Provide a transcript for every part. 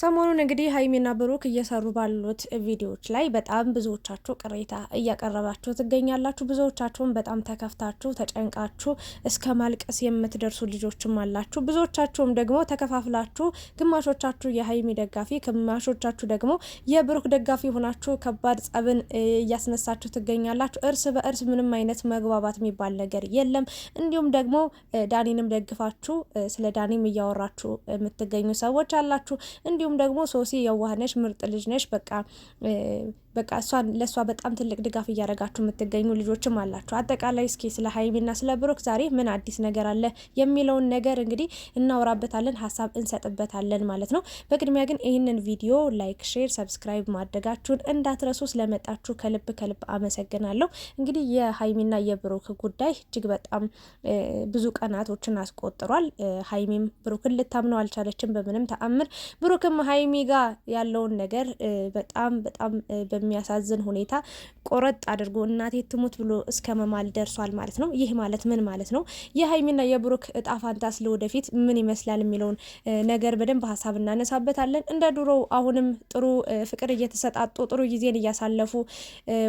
ሰሞኑን እንግዲህ ሀይሚና ብሩክ እየሰሩ ባሉት ቪዲዮዎች ላይ በጣም ብዙዎቻችሁ ቅሬታ እያቀረባችሁ ትገኛላችሁ። ብዙዎቻችሁም በጣም ተከፍታችሁ ተጨንቃችሁ እስከ ማልቀስ የምትደርሱ ልጆችም አላችሁ። ብዙዎቻችሁም ደግሞ ተከፋፍላችሁ፣ ግማሾቻችሁ የሀይሚ ደጋፊ፣ ግማሾቻችሁ ደግሞ የብሩክ ደጋፊ ሆናችሁ ከባድ ጸብን እያስነሳችሁ ትገኛላችሁ። እርስ በእርስ ምንም አይነት መግባባት የሚባል ነገር የለም። እንዲሁም ደግሞ ዳኒንም ደግፋችሁ ስለ ዳኒም እያወራችሁ የምትገኙ ሰዎች አላችሁ እንዲሁ እንዲሁም ደግሞ ሶሲ የዋህነሽ ምርጥ ልጅ ነሽ፣ በቃ በቃ እሷን ለእሷ በጣም ትልቅ ድጋፍ እያደረጋችሁ የምትገኙ ልጆችም አላችሁ። አጠቃላይ እስኪ ስለ ሀይሚና ስለ ብሩክ ዛሬ ምን አዲስ ነገር አለ የሚለውን ነገር እንግዲህ እናወራበታለን፣ ሀሳብ እንሰጥበታለን ማለት ነው። በቅድሚያ ግን ይህንን ቪዲዮ ላይክ፣ ሼር፣ ሰብስክራይብ ማድረጋችሁን እንዳትረሱ። ስለመጣችሁ ከልብ ከልብ አመሰግናለሁ። እንግዲህ የሀይሚና የብሩክ ጉዳይ እጅግ በጣም ብዙ ቀናቶችን አስቆጥሯል። ሀይሚም ብሩክን ልታምነው አልቻለችም በምንም ተአምር። ብሩክም ሀይሚ ጋር ያለውን ነገር በጣም በጣም በሚያሳዝን ሁኔታ ቆረጥ አድርጎ እናቴ ትሙት ብሎ እስከ መማል ደርሷል ማለት ነው። ይህ ማለት ምን ማለት ነው? የሀይሚና የብሩክ እጣ ፋንታስ ለወደፊት ምን ይመስላል የሚለውን ነገር በደንብ ሀሳብ እናነሳበታለን። እንደ ድሮ አሁንም ጥሩ ፍቅር እየተሰጣጡ ጥሩ ጊዜን እያሳለፉ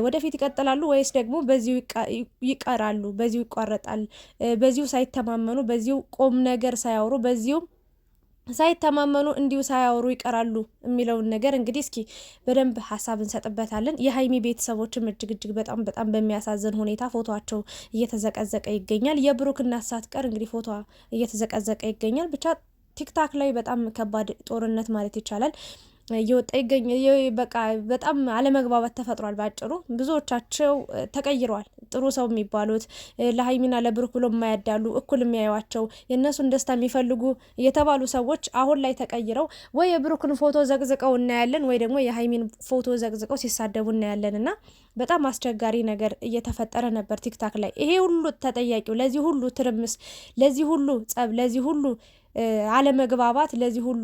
ወደፊት ይቀጥላሉ ወይስ ደግሞ በዚሁ ይቀራሉ? በዚሁ ይቋረጣል? በዚሁ ሳይተማመኑ፣ በዚሁ ቁም ነገር ሳያወሩ፣ በዚሁም ሳይተማመኑ እንዲሁ ሳያወሩ ይቀራሉ የሚለውን ነገር እንግዲህ እስኪ በደንብ ሀሳብ እንሰጥበታለን። የሀይሚ ቤተሰቦችም እጅግ እጅግ በጣም በጣም በሚያሳዝን ሁኔታ ፎቶቸው እየተዘቀዘቀ ይገኛል። የብሩክ የብሩክና ሳትቀር እንግዲህ ፎቶ እየተዘቀዘቀ ይገኛል። ብቻ ቲክታክ ላይ በጣም ከባድ ጦርነት ማለት ይቻላል እየወጣ ይገኛል። በቃ በጣም አለመግባባት ተፈጥሯል። በአጭሩ ብዙዎቻቸው ተቀይረዋል። ጥሩ ሰው የሚባሉት ለሀይሚና ለብሩክ ብሎ የማያዳሉ እኩል የሚያዩቸው የእነሱን ደስታ የሚፈልጉ የተባሉ ሰዎች አሁን ላይ ተቀይረው ወይ የብሩክን ፎቶ ዘቅዝቀው እናያለን ወይ ደግሞ የሀይሚን ፎቶ ዘቅዝቀው ሲሳደቡ እናያለን እና በጣም አስቸጋሪ ነገር እየተፈጠረ ነበር ቲክታክ ላይ። ይሄ ሁሉ ተጠያቂው ለዚህ ሁሉ ትርምስ፣ ለዚህ ሁሉ ጸብ፣ ለዚህ ሁሉ አለመግባባት፣ ለዚህ ሁሉ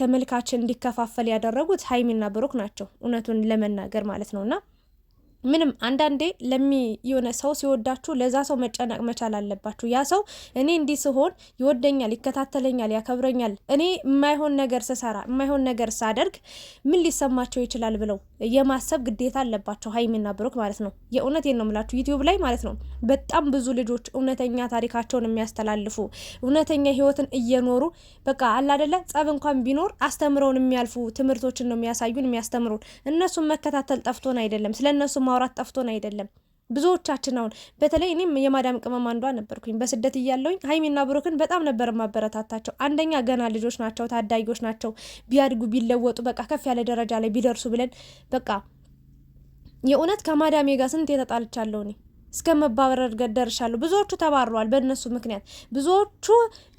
ተመልካች እንዲከፋፈል ያደረጉት ሀይሚና ብሩክ ናቸው እውነቱን ለመናገር ማለት ነውና ምንም አንዳንዴ ለሚ የሆነ ሰው ሲወዳችሁ ለዛ ሰው መጨነቅ መቻል አለባችሁ። ያ ሰው እኔ እንዲህ ስሆን ይወደኛል፣ ይከታተለኛል፣ ያከብረኛል፣ እኔ የማይሆን ነገር ስሰራ የማይሆን ነገር ሳደርግ ምን ሊሰማቸው ይችላል ብለው የማሰብ ግዴታ አለባቸው ሀይሚና ብሩክ ማለት ነው። የእውነት ነው የምላችሁ ዩቲዩብ ላይ ማለት ነው በጣም ብዙ ልጆች እውነተኛ ታሪካቸውን የሚያስተላልፉ እውነተኛ ህይወትን እየኖሩ በቃ አላደለ ጸብ እንኳን ቢኖር አስተምረውን የሚያልፉ ትምህርቶችን ነው የሚያሳዩን የሚያስተምሩን። እነሱን መከታተል ጠፍቶን አይደለም ስለ እነሱ ማውራት ጠፍቶን አይደለም። ብዙዎቻችን አሁን በተለይ እኔም የማዳም ቅመም አንዷ ነበርኩኝ። በስደት እያለውኝ ሀይሚና ብሩክን በጣም ነበር ማበረታታቸው። አንደኛ ገና ልጆች ናቸው፣ ታዳጊዎች ናቸው። ቢያድጉ ቢለወጡ፣ በቃ ከፍ ያለ ደረጃ ላይ ቢደርሱ ብለን በቃ የእውነት ከማዳሜ ጋር ስንት የተጣልቻለሁ እኔ እስከ መባረር ደርሻለሁ። ብዙዎቹ ተባረዋል በእነሱ ምክንያት። ብዙዎቹ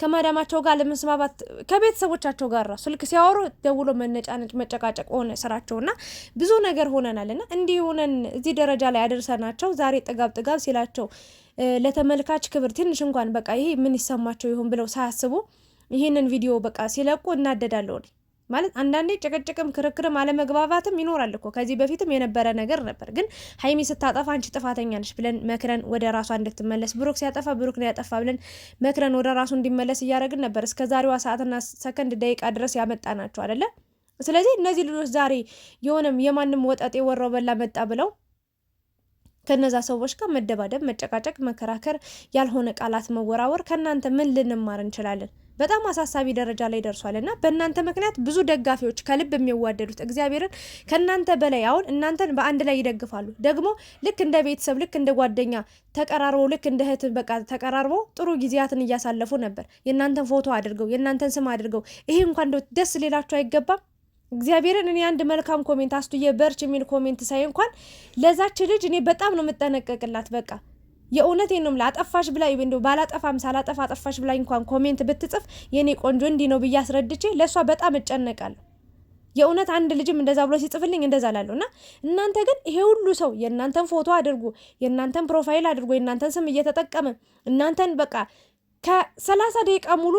ከማዳማቸው ጋር ለመስማማት ከቤተሰቦቻቸው ጋር ራሱ ስልክ ሲያወሩ ደውሎ መነጫነጭ፣ መጨቃጨቅ ሆነ ስራቸውና ብዙ ነገር ሆነናል እና እንዲህ ሆነን እዚህ ደረጃ ላይ አደርሰናቸው ዛሬ ጥጋብ ጥጋብ ሲላቸው ለተመልካች ክብር ትንሽ እንኳን በቃ ይሄ ምን ይሰማቸው ይሆን ብለው ሳያስቡ ይህንን ቪዲዮ በቃ ሲለቁ እናደዳለሁ። ማለት አንዳንዴ ጭቅጭቅም ክርክርም አለመግባባትም ይኖራል እኮ ከዚህ በፊትም የነበረ ነገር ነበር። ግን ሀይሚ ስታጠፋ አንቺ ጥፋተኛ ነሽ ብለን መክረን ወደ ራሷ እንድትመለስ፣ ብሩክ ሲያጠፋ ብሩክ ነው ያጠፋ ብለን መክረን ወደ ራሱ እንዲመለስ እያደረግን ነበር እስከ ዛሬዋ ሰዓትና ሰከንድ ደቂቃ ድረስ ናቸው አደለ። ስለዚህ እነዚህ ልጆች ዛሬ የሆነም የማንም ወጠጤ ወረው በላ መጣ ብለው ከነዛ ሰዎች ጋር መደባደብ፣ መጨቃጨቅ፣ መከራከር፣ ያልሆነ ቃላት መወራወር ከእናንተ ምን ልንማር እንችላለን? በጣም አሳሳቢ ደረጃ ላይ ደርሷል እና በእናንተ ምክንያት ብዙ ደጋፊዎች ከልብ የሚዋደዱት እግዚአብሔርን ከእናንተ በላይ አሁን እናንተን በአንድ ላይ ይደግፋሉ። ደግሞ ልክ እንደ ቤተሰብ፣ ልክ እንደ ጓደኛ ተቀራርቦ ልክ እንደ እህት በቃ ተቀራርቦ ጥሩ ጊዜያትን እያሳለፉ ነበር። የእናንተን ፎቶ አድርገው የእናንተን ስም አድርገው ይሄ እንኳን ደስ ሌላቸው አይገባም። እግዚአብሔርን እኔ አንድ መልካም ኮሜንት አስቱዬ በርች የሚል ኮሜንት ሳይ እንኳን ለዛች ልጅ እኔ በጣም ነው የምጠነቀቅላት በቃ የእውነት ነው ላጠፋሽ ብላ እንደው ባላጠፋም ሳላጠፋ አጠፋሽ ብላይ እንኳን ኮሜንት ብትጽፍ የኔ ቆንጆ እንዲህ ነው ብዬ አስረድቼ ለእሷ በጣም እጨነቃለሁ። የእውነት አንድ ልጅም እንደዛ ብሎ ሲጽፍልኝ እንደዛ ላለሁ እና እናንተ ግን ይሄ ሁሉ ሰው የእናንተን ፎቶ አድርጎ የእናንተን ፕሮፋይል አድርጎ የእናንተን ስም እየተጠቀመ እናንተን በቃ ከሰላሳ ደቂቃ ሙሉ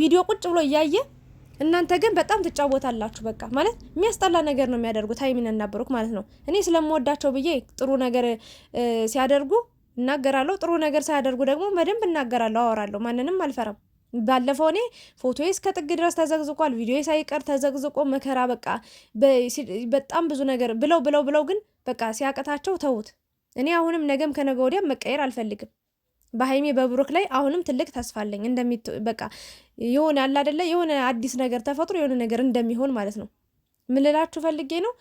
ቪዲዮ ቁጭ ብሎ እያየ እናንተ ግን በጣም ትጫወታላችሁ። በቃ ማለት የሚያስጠላ ነገር ነው የሚያደርጉት ሀይሚንና ብሩክ ማለት ነው። እኔ ስለምወዳቸው ብዬ ጥሩ ነገር ሲያደርጉ እናገራለሁ፣ ጥሩ ነገር ሳያደርጉ ደግሞ በደንብ እናገራለሁ፣ አወራለሁ። ማንንም አልፈራም። ባለፈው እኔ ፎቶዬ እስከ ጥግ ድረስ ተዘግዝቋል፣ ቪዲዮ ሳይቀር ተዘግዝቆ መከራ በቃ በጣም ብዙ ነገር ብለው ብለው ብለው ግን በቃ ሲያቅታቸው ተዉት። እኔ አሁንም ነገም ከነገ ወዲያም መቀየር አልፈልግም። በሀይሚ በብሩክ ላይ አሁንም ትልቅ ተስፋ አለኝ። እንደሚት በቃ የሆነ አለ አይደለ የሆነ አዲስ ነገር ተፈጥሮ የሆነ ነገር እንደሚሆን ማለት ነው። ምን ልላችሁ ፈልጌ ነው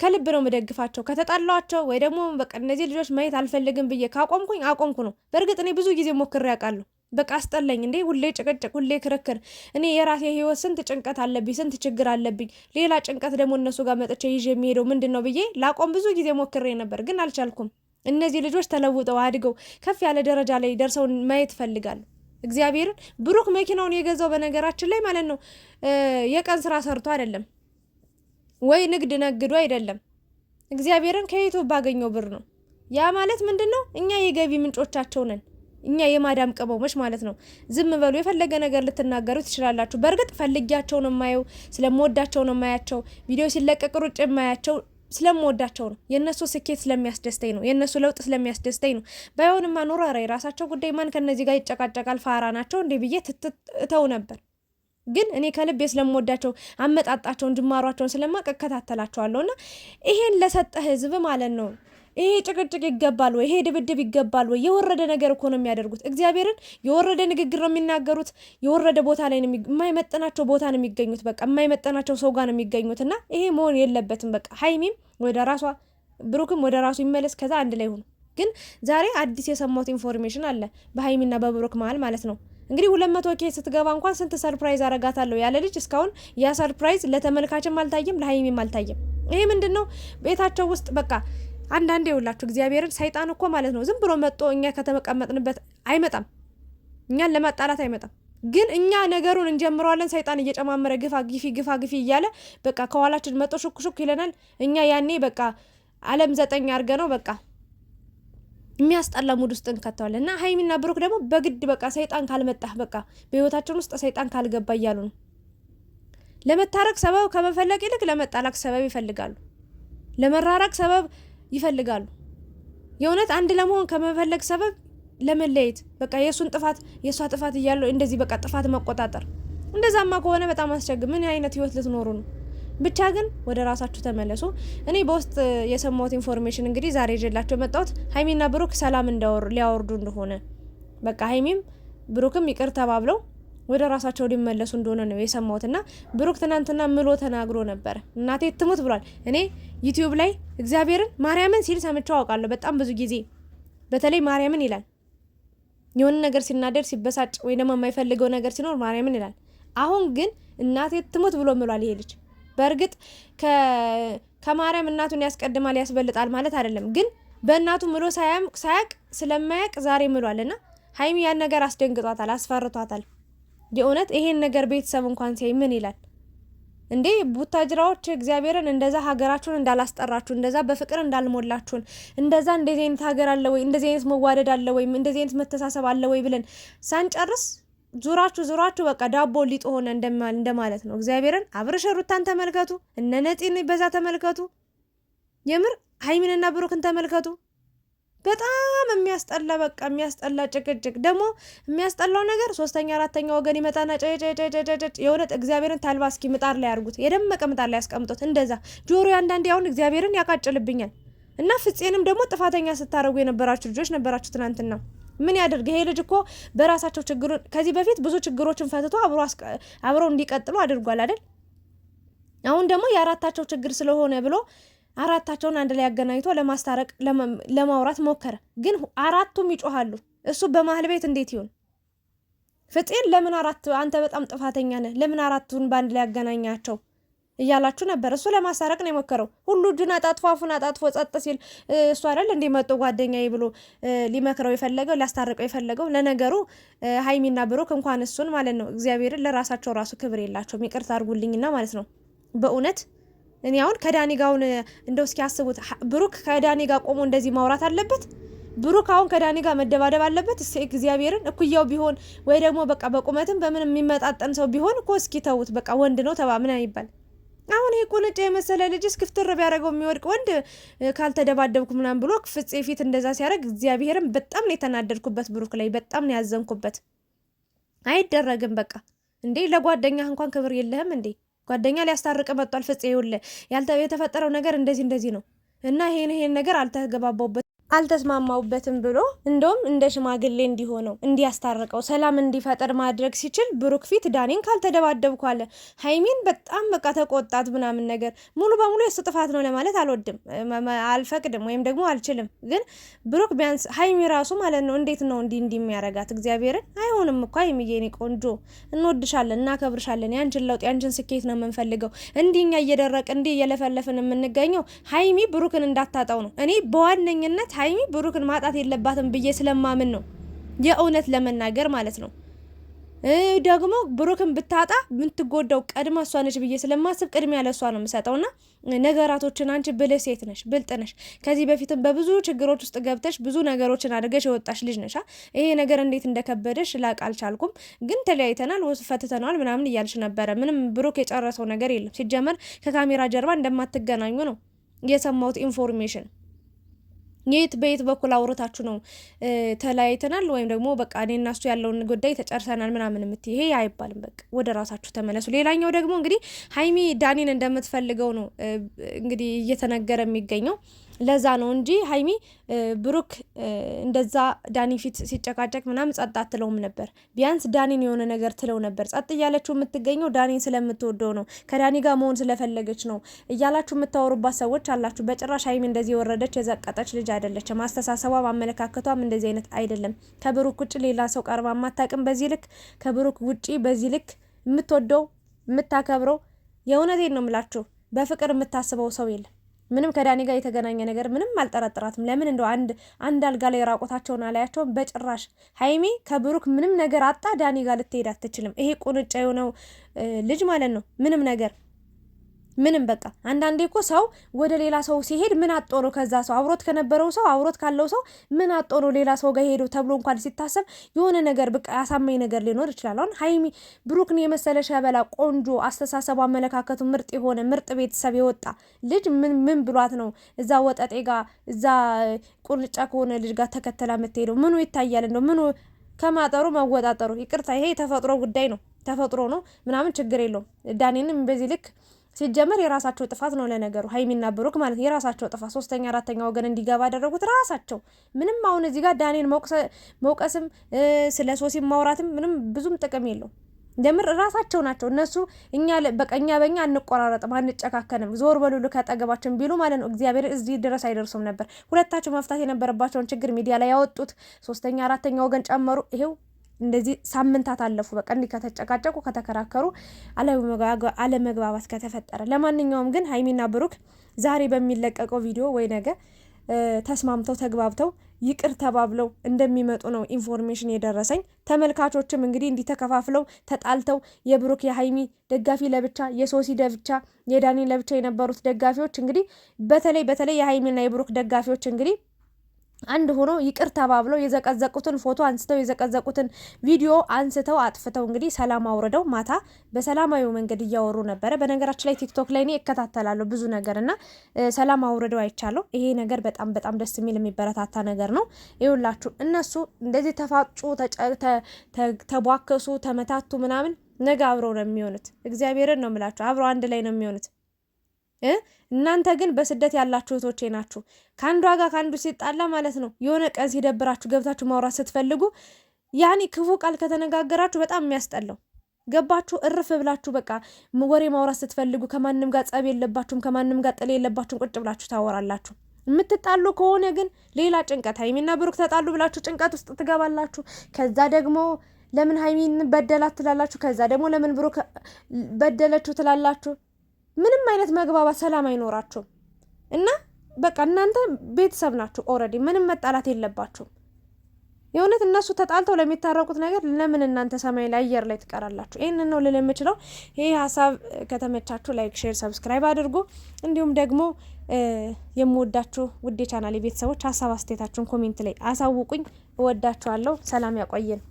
ከልብ ነው የምደግፋቸው። ከተጣላቸው ወይ ደግሞ በቃ እነዚህ ልጆች ማየት አልፈልግም ብዬ ካቆምኩኝ አቆምኩ ነው። በእርግጥ እኔ ብዙ ጊዜ ሞክሬ ያውቃለሁ። በቃ አስጠላኝ እንዴ! ሁሌ ጭቅጭቅ፣ ሁሌ ክርክር። እኔ የራሴ ህይወት ስንት ጭንቀት አለብኝ፣ ስንት ችግር አለብኝ። ሌላ ጭንቀት ደግሞ እነሱ ጋር መጥቼ ይዤ የሚሄደው ምንድን ነው ብዬ ላቆም ብዙ ጊዜ ሞክሬ ነበር፣ ግን አልቻልኩም። እነዚህ ልጆች ተለውጠው አድገው ከፍ ያለ ደረጃ ላይ ደርሰው ማየት እፈልጋለሁ። እግዚአብሔርን ብሩክ መኪናውን የገዛው በነገራችን ላይ ማለት ነው የቀን ስራ ሰርቶ አይደለም ወይ ንግድ ነግዶ አይደለም። እግዚአብሔርን ከዩቱብ ባገኘው ብር ነው። ያ ማለት ምንድን ነው? እኛ የገቢ ምንጮቻቸው ነን። እኛ የማዳም ቅመሞች ማለት ነው። ዝም በሉ፣ የፈለገ ነገር ልትናገሩ ትችላላችሁ። በእርግጥ ፈልጊያቸው ነው የማየው፣ ስለምወዳቸው ነው የማያቸው፣ ቪዲዮ ሲለቀቅ ሩጭ የማያቸው ስለምወዳቸው ነው። የእነሱ ስኬት ስለሚያስደስተኝ ነው። የእነሱ ለውጥ ስለሚያስደስተኝ ነው። ባይሆንማ ኑሮ ኧረ የራሳቸው ጉዳይ፣ ማን ከነዚህ ጋር ይጨቃጨቃል፣ ፋራ ናቸው እንዴ ብዬ እተው ነበር። ግን እኔ ከልቤ ስለምወዳቸው አመጣጣቸውን፣ ጅማሯቸውን ስለማቅ እከታተላቸዋለሁ እና ይሄን ለሰጠ ህዝብ ማለት ነው ይሄ ጭቅጭቅ ይገባል ወይ? ይሄ ድብድብ ይገባል ወይ? የወረደ ነገር እኮ ነው የሚያደርጉት። እግዚአብሔርን የወረደ ንግግር ነው የሚናገሩት። የወረደ ቦታ ላይ ነው፣ የማይመጠናቸው ቦታ ነው የሚገኙት። በቃ የማይመጠናቸው ሰው ጋር ነው የሚገኙት። እና ይሄ መሆን የለበትም። በቃ ሀይሚም ወደ ራሷ፣ ብሩክም ወደ ራሱ ይመለስ። ከዛ አንድ ላይ ሆኑ። ግን ዛሬ አዲስ የሰማሁት ኢንፎርሜሽን አለ በሀይሚና በብሩክ መሀል ማለት ነው እንግዲህ ሁለት መቶ ኬ ስትገባ እንኳን ስንት ሰርፕራይዝ አረጋታለሁ ያለ ልጅ እስካሁን ያ ሰርፕራይዝ ለተመልካችም አልታየም፣ ለሀይሚም አልታየም። ይሄ ምንድን ነው? ቤታቸው ውስጥ በቃ አንዳንዴ የውላችሁ እግዚአብሔርን ሰይጣን እኮ ማለት ነው ዝም ብሎ መጦ እኛ ከተቀመጥንበት አይመጣም። እኛን ለማጣላት አይመጣም። ግን እኛ ነገሩን እንጀምረዋለን። ሰይጣን እየጨማመረ ግፋ ግፊ ግፋ ግፊ እያለ በቃ ከኋላችን መጦ ሹክሹክ ይለናል። እኛ ያኔ በቃ አለም ዘጠኝ አድርገ ነው በቃ የሚያስጠላ ሙድ ውስጥ እንከተዋል እና ሀይሚና ብሩክ ደግሞ በግድ በቃ ሰይጣን ካልመጣህ በቃ በህይወታችን ውስጥ ሰይጣን ካልገባ እያሉ ነው። ለመታረቅ ሰበብ ከመፈለግ ይልቅ ለመጣላቅ ሰበብ ይፈልጋሉ። ለመራራቅ ሰበብ ይፈልጋሉ። የእውነት አንድ ለመሆን ከመፈለግ ሰበብ ለመለየት በቃ የእሱን ጥፋት የእሷ ጥፋት እያለው እንደዚህ በቃ ጥፋት መቆጣጠር እንደዛማ ከሆነ በጣም አስቸግ ምን አይነት ህይወት ልትኖሩ ነው? ብቻ ግን ወደ ራሳችሁ ተመለሱ። እኔ በውስጥ የሰማሁት ኢንፎርሜሽን እንግዲህ ዛሬ ይዤላቸው መጣሁት ሀይሚና ብሩክ ሰላም ሊያወርዱ እንደሆነ በቃ ሀይሚም ብሩክም ይቅር ተባብለው ወደ ራሳቸው ሊመለሱ እንደሆነ ነው የሰማሁትና ብሩክ ትናንትና ምሎ ተናግሮ ነበረ። እናቴ ትሙት ብሏል። እኔ ዩቲዩብ ላይ እግዚአብሔርን ማርያምን ሲል ሰምቼው አውቃለሁ። በጣም ብዙ ጊዜ በተለይ ማርያምን ይላል። የሆነ ነገር ሲናደር፣ ሲበሳጭ ወይ ደግሞ የማይፈልገው ነገር ሲኖር ማርያምን ይላል። አሁን ግን እናቴ ትሙት ብሎ ምሏል ይሄ ልጅ። በእርግጥ ከማርያም እናቱን ያስቀድማል ያስበልጣል ማለት አይደለም፣ ግን በእናቱ ምሎ ሳያቅ ስለማያቅ ዛሬ ምሏል። እና ሀይሚ ያን ነገር አስደንግጧታል፣ አስፈርቷታል። የእውነት ይሄን ነገር ቤተሰብ እንኳን ሲያይ ምን ይላል? እንዴ ቡታጅራዎች እግዚአብሔርን እንደዛ ሀገራችሁን እንዳላስጠራችሁ እንደዛ በፍቅር እንዳልሞላችሁን እንደዛ እንደዚህ አይነት ሀገር አለ ወይ እንደዚህ አይነት መዋደድ አለ ወይም እንደዚህ አይነት መተሳሰብ አለ ወይ ብለን ሳንጨርስ ዙራችሁ ዙራችሁ በቃ ዳቦ ሊጥ ሆነ እንደማለት ነው። እግዚአብሔርን አብርሽ ሩታን ተመልከቱ፣ እነ ነፂን በዛ ተመልከቱ፣ የምር ሀይሚንና ብሩክን ተመልከቱ። በጣም የሚያስጠላ በቃ የሚያስጠላ ጭቅጭቅ። ደግሞ የሚያስጠላው ነገር ሶስተኛ አራተኛ ወገን ይመጣና ጨጨጨጨጨጭ የሆነ እግዚአብሔርን ታልባ እስኪ ምጣር ላይ ያርጉት፣ የደመቀ ምጣር ላይ ያስቀምጡት። እንደዛ ጆሮ አንዳንዴ አሁን እግዚአብሔርን ያቃጭልብኛል። እና ፍፄንም ደግሞ ጥፋተኛ ስታደርጉ የነበራችሁ ልጆች ነበራችሁ ትናንትና። ምን ያደርግ ይሄ ልጅ እኮ በራሳቸው ችግሩ ከዚህ በፊት ብዙ ችግሮችን ፈትቶ አብረው እንዲቀጥሉ አድርጓል አይደል? አሁን ደግሞ የአራታቸው ችግር ስለሆነ ብሎ አራታቸውን አንድ ላይ አገናኝቶ ለማስታረቅ ለማውራት ሞከረ። ግን አራቱም ይጮሃሉ። እሱ በመሀል ቤት እንዴት ይሆን? ፍጤን ለምን አራት አንተ በጣም ጥፋተኛ ነህ፣ ለምን አራቱን በአንድ ላይ ያገናኛቸው እያላችሁ ነበር። እሱ ለማስታረቅ ነው የሞከረው። ሁሉ እጁን አጣጥፎ አፉን አጣጥፎ ጸጥ ሲል እሱ አይደል እንዲህ መጡ ጓደኛዬ ብሎ ሊመክረው የፈለገው ሊያስታርቀው የፈለገው። ለነገሩ ሀይሚና ብሩክ እንኳን እሱን ማለት ነው እግዚአብሔርን ለራሳቸው ራሱ ክብር የላቸውም። ይቅርታ አድርጉልኝና ማለት ነው በእውነት እኔ አሁን ከዳኒ ጋውን እንደው እስኪ ያስቡት። ብሩክ ከዳኒ ጋር ቆሞ እንደዚህ ማውራት አለበት? ብሩክ አሁን ከዳኒ ጋር መደባደብ አለበት? እስ እግዚአብሔርን እኩያው ቢሆን ወይ ደግሞ በቃ በቁመትም በምን የሚመጣጠን ሰው ቢሆን እኮ እስኪ ተውት፣ በቃ ወንድ ነው ተባ ምን ይባል አሁን ይሄ ቁንጫ የመሰለ ልጅ እስክፍትር ቢያደርገው የሚወድቅ ወንድ ካልተደባደብኩ ምናምን ብሎ ፍፄ ፊት እንደዛ ሲያደርግ እግዚአብሔርን በጣም ነው የተናደድኩበት። ብሩክ ላይ በጣም ነው ያዘንኩበት። አይደረግም በቃ እንዴ! ለጓደኛህ እንኳን ክብር የለህም እንዴ? ጓደኛ ሊያስታርቅ መጥቷል። ፍጽ ይኸውልህ የተፈጠረው ነገር እንደዚህ እንደዚህ ነው እና ይሄን ይሄን ነገር አልተገባባውበት አልተስማማውበትም ብሎ እንደውም እንደ ሽማግሌ እንዲሆነው እንዲያስታርቀው ሰላም እንዲፈጠር ማድረግ ሲችል ብሩክ ፊት ዳኔን ካልተደባደብኩ አለ። ሀይሚን በጣም በቃ ተቆጣት ምናምን ነገር ሙሉ በሙሉ የሱ ጥፋት ነው ለማለት አልወድም፣ አልፈቅድም ወይም ደግሞ አልችልም። ግን ብሩክ ቢያንስ ሀይሚ ራሱ ማለት ነው እንዴት ነው እንዲህ እንዲህ የሚያረጋት እግዚአብሔርን አይሆንም እኮ ሀይሚዬ፣ እኔ ቆንጆ እንወድሻለን፣ እናከብርሻለን። ያንችን ለውጥ ያንችን ስኬት ነው የምንፈልገው። እንዲህ እኛ እየደረቅ እንዲህ እየለፈለፍን የምንገኘው ሀይሚ ብሩክን እንዳታጣው ነው። እኔ በዋነኝነት ሀይሚ ብሩክን ማጣት የለባትም ብዬ ስለማምን ነው የእውነት ለመናገር ማለት ነው። ደግሞ ብሩክን ብታጣ የምትጎዳው ቀድማ እሷ ነች ብዬ ስለማስብ ቅድሚያ ለእሷ ነው የምሰጠውና ነገራቶችን አንቺ ብልህ ሴት ነሽ፣ ብልጥ ነሽ። ከዚህ በፊትም በብዙ ችግሮች ውስጥ ገብተሽ ብዙ ነገሮችን አድርገሽ የወጣሽ ልጅ ነሻ። ይሄ ነገር እንዴት እንደከበደሽ ላቅ አልቻልኩም፣ ግን ተለያይተናል፣ ፈትተነዋል ምናምን እያልሽ ነበረ። ምንም ብሩክ የጨረሰው ነገር የለም። ሲጀመር ከካሜራ ጀርባ እንደማትገናኙ ነው የሰማሁት ኢንፎርሜሽን የት በየት በኩል አውርታችሁ ነው ተለያይተናል ወይም ደግሞ በቃ እኔ እና እሱ ያለውን ጉዳይ ተጨርሰናል ምናምን የምት ይሄ አይባልም። በቃ ወደ ራሳችሁ ተመለሱ። ሌላኛው ደግሞ እንግዲህ ሀይሚ ዳኒን እንደምትፈልገው ነው እንግዲህ እየተነገረ የሚገኘው ለዛ ነው እንጂ ሀይሚ ብሩክ እንደዛ ዳኒ ፊት ሲጨቃጨቅ ምናም ጸጥ አትለውም ነበር። ቢያንስ ዳኒን የሆነ ነገር ትለው ነበር። ጸጥ እያለችው የምትገኘው ዳኒን ስለምትወደው ነው፣ ከዳኒ ጋር መሆን ስለፈለገች ነው እያላችሁ የምታወሩባት ሰዎች አላችሁ። በጭራሽ ሀይሚ እንደዚህ የወረደች የዘቀጠች ልጅ አይደለችም። አስተሳሰቧም አመለካከቷም እንደዚህ አይነት አይደለም። ከብሩክ ውጭ ሌላ ሰው ቀርባ ማታቅም። በዚህ ልክ ከብሩክ ውጪ በዚህ ልክ የምትወደው የምታከብረው የእውነቴን ነው የምላችሁ በፍቅር የምታስበው ሰው የለም። ምንም ከዳኒ ጋር የተገናኘ ነገር ምንም አልጠረጥራትም። ለምን እንደው አንድ አንድ አልጋ ላይ ራቆታቸውን አላያቸውም በጭራሽ። ሀይሚ ከብሩክ ምንም ነገር አጣ ዳኒ ጋር ልትሄድ አትችልም። ይሄ ቁንጫ የሆነው ልጅ ማለት ነው ምንም ነገር ምንም በቃ አንዳንዴ እኮ ሰው ወደ ሌላ ሰው ሲሄድ ምን አጦ ነው ከዛ ሰው አብሮት ከነበረው ሰው አብሮት ካለው ሰው ምን አጦ ነው ሌላ ሰው ጋር ሄዶ ተብሎ እንኳን ሲታሰብ የሆነ ነገር በቃ ያሳመኝ ነገር ሊኖር ይችላል። አሁን ሀይሚ ብሩክን የመሰለ ሸበላ፣ ቆንጆ አስተሳሰቡ፣ አመለካከቱ ምርጥ የሆነ ምርጥ ቤተሰብ የወጣ ልጅ ምን ምን ብሏት ነው እዛ ወጠጤ ጋር እዛ ቁንጫ ከሆነ ልጅ ጋር ተከተላ የምትሄደው? ምኑ ይታያል እንደው ምኑ ከማጠሩ መወጣጠሩ። ይቅርታ ይሄ የተፈጥሮ ጉዳይ ነው ተፈጥሮ ነው ምናምን ችግር የለውም። ዳኔንም በዚህ ልክ ሲጀመር የራሳቸው ጥፋት ነው። ለነገሩ ሀይሚና ብሩክ ማለት የራሳቸው ጥፋት ሶስተኛ አራተኛ ወገን እንዲገባ አደረጉት ራሳቸው። ምንም አሁን እዚህ ጋር ዳኔን መውቀስም ስለ ሶሲም ማውራትም ምንም ብዙም ጥቅም የለው። እንደምር ራሳቸው ናቸው እነሱ። እኛ በቀኛ በኛ አንቆራረጥም፣ አንጨካከንም፣ ዞር በሉሉ ከጠገባችን ቢሉ ማለት ነው እግዚአብሔር እዚህ ድረስ አይደርሱም ነበር። ሁለታቸው መፍታት የነበረባቸውን ችግር ሚዲያ ላይ ያወጡት ሶስተኛ አራተኛ ወገን ጨመሩ። ይሄው እንደዚህ ሳምንታት አለፉ። በቃ እንዲህ ከተጨቃጨቁ ከተከራከሩ፣ አለመግባባት ከተፈጠረ። ለማንኛውም ግን ሀይሚና ብሩክ ዛሬ በሚለቀቀው ቪዲዮ ወይ ነገ ተስማምተው ተግባብተው ይቅር ተባብለው እንደሚመጡ ነው ኢንፎርሜሽን የደረሰኝ። ተመልካቾችም እንግዲህ እንዲህ ተከፋፍለው ተጣልተው የብሩክ የሀይሚ ደጋፊ ለብቻ፣ የሶሲ ለብቻ፣ የዳኒ ለብቻ የነበሩት ደጋፊዎች እንግዲህ በተለይ በተለይ የሀይሚና የብሩክ ደጋፊዎች እንግዲህ አንድ ሆኖ ይቅር ተባብለው የዘቀዘቁትን ፎቶ አንስተው የዘቀዘቁትን ቪዲዮ አንስተው አጥፍተው እንግዲህ ሰላም አውርደው ማታ በሰላማዊ መንገድ እያወሩ ነበረ። በነገራችን ላይ ቲክቶክ ላይ እኔ እከታተላለሁ ብዙ ነገር እና ሰላም አውርደው አይቻለሁ። ይሄ ነገር በጣም በጣም ደስ የሚል የሚበረታታ ነገር ነው። ይሁላችሁ እነሱ እንደዚህ ተፋጩ፣ ተቧከሱ፣ ተመታቱ ምናምን ነገ አብረው ነው የሚሆኑት። እግዚአብሔርን ነው የምላችሁ፣ አብረው አንድ ላይ ነው የሚሆኑት። እናንተ ግን በስደት ያላችሁ እህቶቼ ናችሁ። ከአንዷ ጋር ከአንዱ ሲጣላ ማለት ነው የሆነ ቀን ሲደብራችሁ ገብታችሁ ማውራት ስትፈልጉ ያኔ ክፉ ቃል ከተነጋገራችሁ በጣም የሚያስጠላው ገባችሁ። እርፍ ብላችሁ በቃ ወሬ ማውራት ስትፈልጉ ከማንም ጋር ጸብ የለባችሁም፣ ከማንም ጋር ጥል የለባችሁም። ቁጭ ብላችሁ ታወራላችሁ። የምትጣሉ ከሆነ ግን ሌላ ጭንቀት፣ ሀይሚና ብሩክ ተጣሉ ብላችሁ ጭንቀት ውስጥ ትገባላችሁ። ከዛ ደግሞ ለምን ሀይሚን በደላት ትላላችሁ። ከዛ ደግሞ ለምን ብሩክ በደለችሁ ትላላችሁ። ምንም አይነት መግባባት ሰላም አይኖራችሁም እና በቃ እናንተ ቤተሰብ ናችሁ ኦልሬዲ ምንም መጣላት የለባችሁም። የእውነት እነሱ ተጣልተው ለሚታረቁት ነገር ለምን እናንተ ሰማይ ላይ አየር ላይ ትቀራላችሁ? ይህን ነው ልል የምችለው። ይህ ሀሳብ ከተመቻችሁ ላይክ፣ ሼር፣ ሰብስክራይብ አድርጉ። እንዲሁም ደግሞ የምወዳችሁ ውዴ ቻናል ቤተሰቦች ሀሳብ አስተያየታችሁን ኮሜንት ላይ አሳውቁኝ። እወዳችኋለሁ። ሰላም ያቆየን።